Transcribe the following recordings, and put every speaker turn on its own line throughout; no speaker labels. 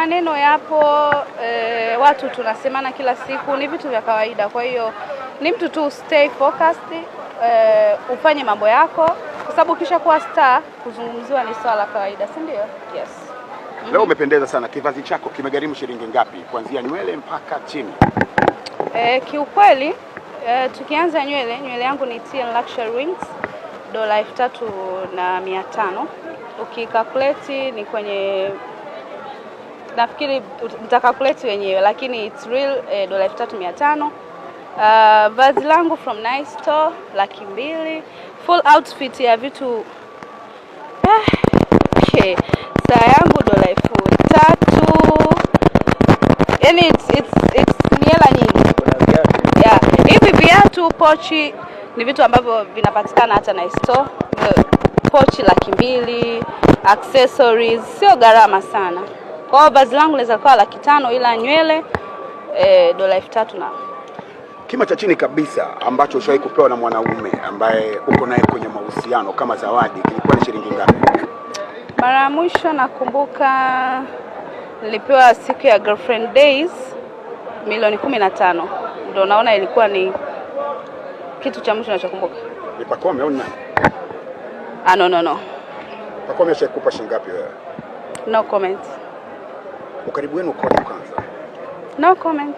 maneno yapo e, watu tunasemana kila siku, ni vitu vya kawaida. Kwa hiyo ni mtu tu stay focused, e, ufanye mambo yako, kwa sababu kisha kuwa star kuzungumziwa ni swala la kawaida, si ndio? Yes.
mm -hmm. Umependeza sana. Kivazi chako kimegharimu shilingi ngapi, kuanzia nywele mpaka chini?
E, kiukweli e, tukianza nywele, nywele yangu ni TN Luxury Wings dola elfu tatu na mia tano ni kwenye nafikiri mtakakuleti wenyewe, lakini it's real eh, dola elfu tatu mia tano. Uh, vazi langu from Nice Store laki mbili. Full outfit ya vitu eh, okay. Saa yangu dola elfu tatu yani it's, it's, it's ni hela nyingi yeah. Hivi viatu pochi ni vitu ambavyo vinapatikana hata Nice Store. Pochi laki mbili, accessories sio gharama sana. Kwa hiyo bazi langu naweza kuwa laki tano ila nywele e, dola elfu tatu na
kima cha chini kabisa ambacho ushawahi kupewa na mwanaume ambaye uko naye kwenye mahusiano kama zawadi kilikuwa ni shilingi ngapi?
Mara ya mwisho nakumbuka nilipewa siku ya girlfriend days milioni kumi na tano. Ndio naona ilikuwa ni kitu cha mwisho nachokumbuka.
Ni Pacome au nani? Ah, no, no, no. Pacome ashakupa shilingi ngapi wewe? No comment. Ukaribu wenu ukoje kwanza? No comment.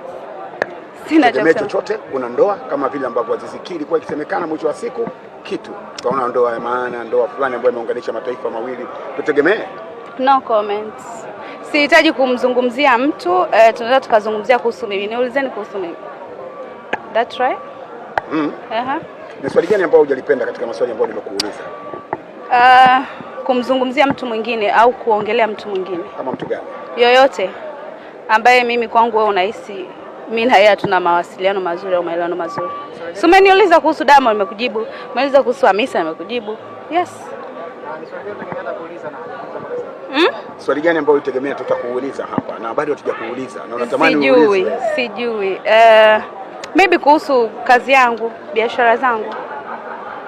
Sina cha chochote. Una ndoa kama vile ambavyo Aziz Ki ilikuwa ikisemekana mwisho wa siku kitu, tukaona ndoa ya maana, ndoa fulani ambayo imeunganisha mataifa mawili, tutegemee?
No comments. Sihitaji kumzungumzia mtu eh, tunaweza tukazungumzia kuhusu mimi. Niulizeni kuhusu mimi. That's right? Mm. Uh-huh.
Ni swali gani ambayo hujalipenda katika maswali ambayo nimekuuliza?
Uh, kumzungumzia mtu mwingine au kuongelea mtu mwingine. Kama mtu gani? yoyote ambaye mimi kwangu wewe unahisi mimi na yeye hatuna mawasiliano mazuri au maelewano mazuri. So umeniuliza kuhusu damo nimekujibu, umeniuliza kuhusu Hamisa nimekujibu. Yes. Hmm?
Swali gani ambalo ulitegemea tutakuuliza hapa na bado hatujakuuliza na unatamani uulize? Sijui,
sijui. Uh, eh, maybe kuhusu kazi yangu, biashara zangu.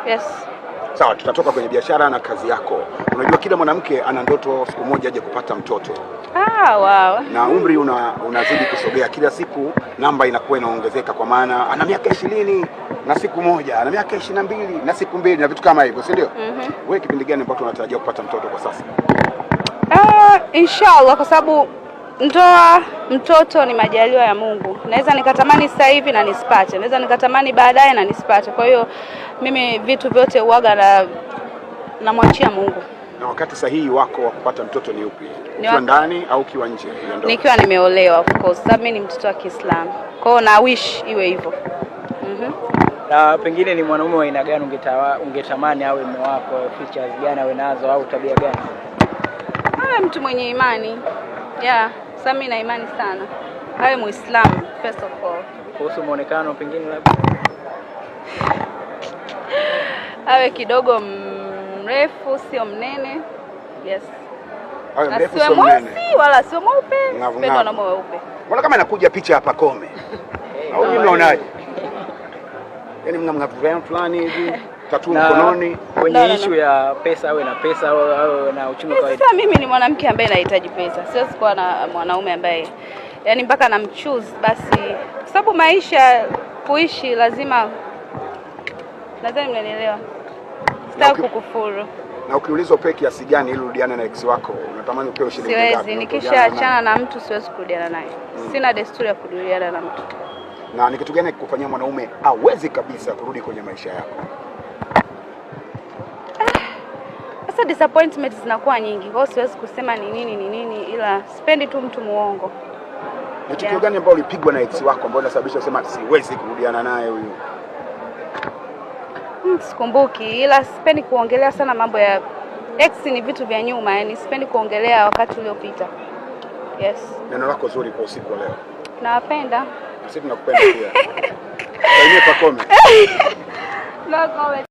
Yes.
Sawa, tutatoka kwenye biashara na kazi yako. Unajua kila mwanamke ana ndoto siku moja aje kupata mtoto.
Ah, wow.
Na umri una, unazidi kusogea kila siku, namba inakuwa inaongezeka, kwa maana ana miaka ishirini na siku moja, ana miaka ishirini na mbili na siku mbili na vitu kama hivyo, si ndio? mm -hmm. Wewe kipindi gani ambacho unatarajia kupata mtoto kwa sasa?
Ah, inshallah kwa sababu ndoa mtoto ni majaliwa ya Mungu. Naweza nikatamani sasa hivi na nisipate, naweza nikatamani baadaye na nisipate. Kwa hiyo mimi vitu vyote uwaga na namwachia Mungu.
Na wakati sahihi wako wa kupata mtoto ni upi? Ukiwa ndani au ukiwa nje ya
ndoa? Nikiwa nimeolewa of course, sababu mimi ni mtoto wa Kiislamu, kwa hiyo na wish iwe hivyo. mm-hmm.
Na pengine ni mwanaume wa aina gani ungetamani awe mume wako? Features gani awe nazo au tabia gani?
Awe ah, mtu mwenye imani yeah sasa mimi na imani sana awe Muislamu first of all.
Kuhusu muonekano pengine labda
awe kidogo mrefu, sio mnene. Yes, asiwe mweusi wala sio mweupe, pendwa na mweupe.
Mbona kama inakuja picha hapa Kome au mnaonaje? Yaani mna mng'avu fulani hivi tatu mkononi
kwenye ishu ya pesa, awe na pesa au na uchumi
kawaida. Sasa mimi ni mwanamke ambaye nahitaji pesa, siwezi kuwa na mwanaume ambaye yani mpaka namchoose basi, kwa sababu maisha kuishi lazima, nadhani mnanielewa, sitaki kukufuru.
Na ukiulizwa upewe kiasi gani ili urudiane na ex wako, unatamani upewe shilingi
ngapi? Siwezi, nikishaachana na mtu siwezi kurudiana naye hmm. Sina desturi ya kurudiana na mtu.
Na ni kitu gani kikufanyia mwanaume hawezi kabisa kurudi kwenye maisha yako?
hizo disappointments zinakuwa nyingi, kwa hiyo siwezi kusema ni nini ni nini, ila sipendi tu mtu muongo.
Ni tukio gani ambao ulipigwa na ex wako ambao unasababisha usema siwezi kurudiana naye huyu?
Hmm, sikumbuki, ila sipendi kuongelea sana mambo ya ex, ni vitu vya nyuma, yani sipendi kuongelea wakati uliopita. Yes.
Neno lako zuri kwa usiku wa leo.
Nawapenda.
sisi tunakupenda pia. Kwa hiyo pakome.
No comment.